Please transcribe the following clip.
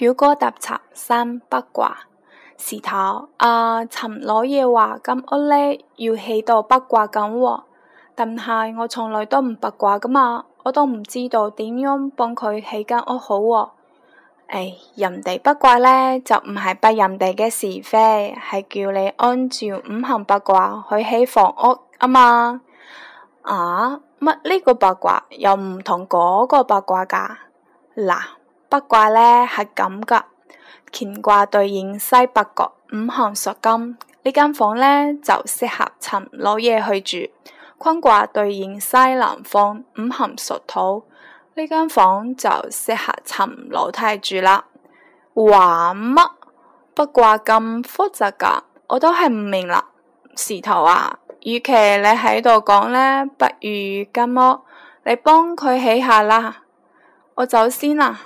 表哥特輯三八卦，是頭。阿陳老爺話：間屋呢，要起到八卦咁。但係我從來都唔八卦噶嘛，我都唔知道點樣幫佢起間屋好，哦。唉、哎，人哋八卦呢就唔係不人哋嘅是非，係叫你按照五行八卦去起房屋啊嘛。啊，乜呢個八卦又唔同嗰個八卦噶？嗱。八卦呢係咁噶，乾卦對應西北角，五行屬金，呢間房呢就適合陳老爺去住。坤卦對應西南方，五行屬土，呢間房就適合陳老太住啦。玩乜？八卦咁複雜噶，我都係唔明啦。仕途啊，與其你喺度講呢，不如噉囉，你幫佢起下啦。我走先啦。